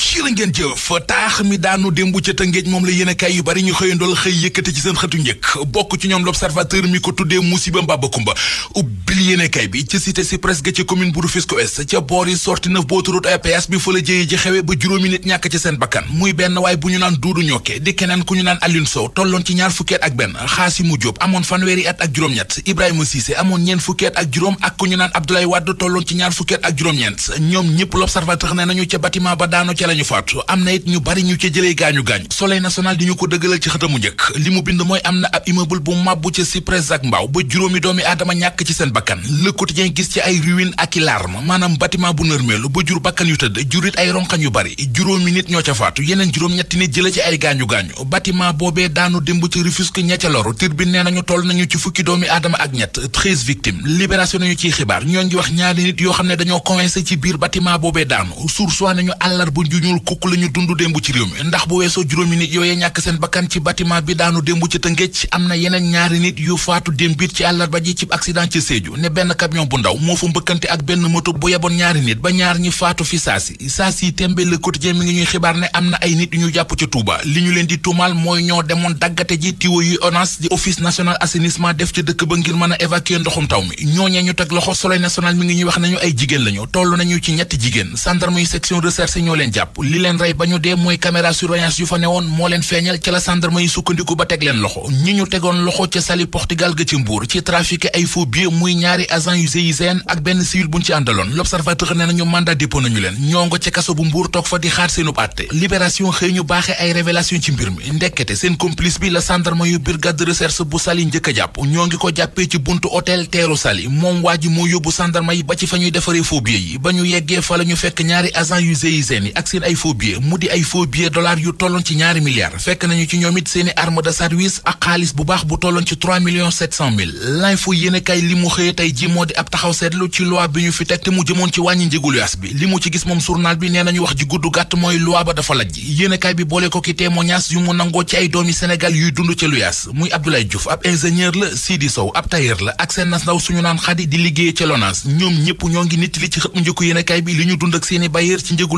jërë ngeen jëf taax mi daanu démb ca Tëngéej moom la yéenekaay yu bari ñu xëyandool xëy yëkkate ci seen xëtu njëkk bokk ci ñoom l'observateur mi ko tuddee musiba mbabakumba ubbil yéenekaay bi ci cité si presque ci commune bu Rufisque Ouest ca boor sorti na bu autoroute APS bi fa la jëye ji xewe ba juróomi nit ñàkk ci seen bakkan muy benn waaye bu ñu naan Duudu Ñokke di keneen ku ñu naan Alioune Sow tolloon ci ñaar fukkeet ak benn lañu faatu am na it ñu bari ñu ca jëlee gaañu gaañu soleil national di ñu ko dëggalal ci xëtamu njëkk li bind mooy am na ab immeuble bu màbbu ca Cyprès ak mbaaw ba juróomi doomi aadama ñàkk ci seen bakkan le quotidien gis ci ay ruine ak i larme maanaam bâtiment bu nërmeelu ba jur bakkan yu tëdd jurit ay ronkañ yu bari juróomi nit ñoo ca faatu yeneen juróom-ñetti nit jële ci ay gaañu gaañu bâtiment boobee daanu démb ci Rufisque ña ca loru tir bi yoo xam ne dañoo coincé ci biir yu ñuul kukk la ñu dund démb ci réew mi ndax bu weesoo juróomi nit yooyee ñàkk seen bakkan ci bâtiment bi daanu démb ci Tëngéej am na yeneen ñaari nit yu faatu démb it ci àllarba ji ci accident ci Sédhiou ne benn camion bu ndaw moo fa mbëkkante ak benn moto bu yeboon ñaari nit ba ñaar ñi faatu fi saasi saasi yi tembe le mi ngi ñuy xibaar ne am na ay nit yu ñu jàpp ca Touba li ñu leen di tuumaal mooy ñoo demoon daggate ji tiwo yu ONAS di office national assainissement def ci ba ngir mën a évacuer ndoxum taw mi ñooñee ñu teg loxo Soleil national mi ngi ñuy wax nañu ay jigéen lañu tollu nañu ci ñetti jigéen gendarme yu section recherche jàpp li leen rey ba ñu dee mooy caméra surveillance yu fa newoon moo leen feeñal ca la gendarme yi sukkandiku ba teg leen loxo ñi ñu tegoon loxo ca sali Portugal ga ci Mbour ci trafiqué ay faux billets muy ñaari agent yu GIGN ak benn civil buñ ci àndaloon l'observateur nee nañu mandat dépôt nañu leen ñoo ngo ca kaso bu Mbour toog fa di xaar seenub àtte libération xëy ñu baaxee ay révélation ci mbir mi ndekkete seen complice bi la gendarme yu brigade de recherche ko jàppee ci buntu hôtel teeru sali moom waa ji moo yi ba ci fa ñuy defaree faux billets ñu yeggee fa la ñu fekk ñaari agent seen ay faux billets mu di ay faux billets yu tolloon ci ñaari milliards fekk nañu ci ñoom it seen i arme de service ak xaalis bu baax bu tolloon ci 3 millions 700 mille l'info yéene li mu taxaw seetlu ci loi bi ñu fi teg te mu jëmoon ci wàññi bi li mu gis moom journal bi nee nañu wax ji gudd gàtt mooy loi ba dafa lajj yéene kay bi boole ko ki témoignage yu mu nangoo ci ay doomi Sénégal yuy dund ci luyaas muy Abdoulaye Diouf ab ingénieur la Sidi Sow ab tailleur la ak seen nas suñu naan xadi di liggéey ci LONASE ñoom ñëpp ñoo ngi nit li ñu dund ak seeni bailleur ci njëgu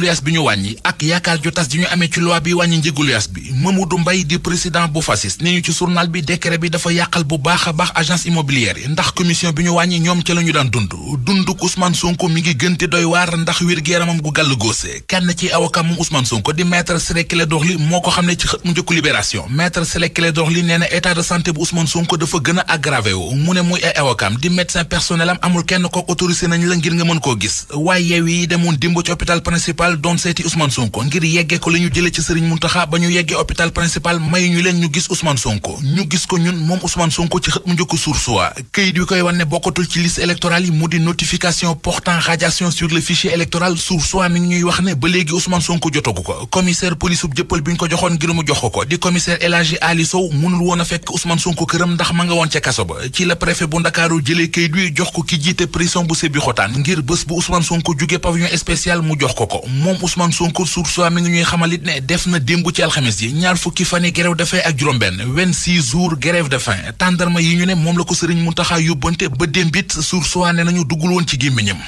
wàññi ak yaakaar ju tas ji ñu amee ci loi bi wàññi njëgu luyaas bi Mamadou Mbaye di président bu FASIS ne ñu ci journal bi décret bi dafa yàqal bu baax a baax agence immobilière yi ndax commission bi ñu wàññi ñoom ca la ñu daan dund dund Ousmane Sonko mi ngi gën di doy waar ndax wér-gu-yaramam gu gàll góose kenn ci avocat moom Ousmane Sonko di maître Ciré Clédor Ly moo ko xam ne ci xët mu njëkku libération maître Ciré Clédor Ly nee na état de santé bu Ousmane Sonko dafa gën a am kenn ko autorisé nañ la ngir nga mën koo gis waaye yeew yi demoon dimb ci hôpital Ousmane Sonko ngir yeggee ko li ñu jëlee ci Serigne Mountakha ba ñu gis ko ñun moom Ousmane Sonko ci xët mu njëkk source wa koy wan ne bokkatul ci liste électorale yi mu di notification portant radiation sur le fichier électoral source wa ñuy wax ne ba léegi Ousmane Sonko jotagu ko commissaire police bu jëppal bi ñu ko joxoon ngir mu jox ko ko di commissaire El Hadji Ali Sow mënul woon fekk Ousmane Sonko këram ndax ma nga woon ca kaso ba ci la préfet bu Ndakaaru jëlee këyit wi jox ko ki jiite prison bu Sébikotane ngir bés bu Ousmane Sonko jóge pavillon spécial mu jox ko ko moom Ousmane Sonko source am mi ngi ñuy it ne def na démb ci alxames yi ñaar fukki fan yi grève de faim ak juróom-benn vingt-six jours grève de faim tàndarma yi ñu ne moom la ko sëriñ Muntaxa yóbbante ba démbit source ne nañu duggul woon ci gémmiñam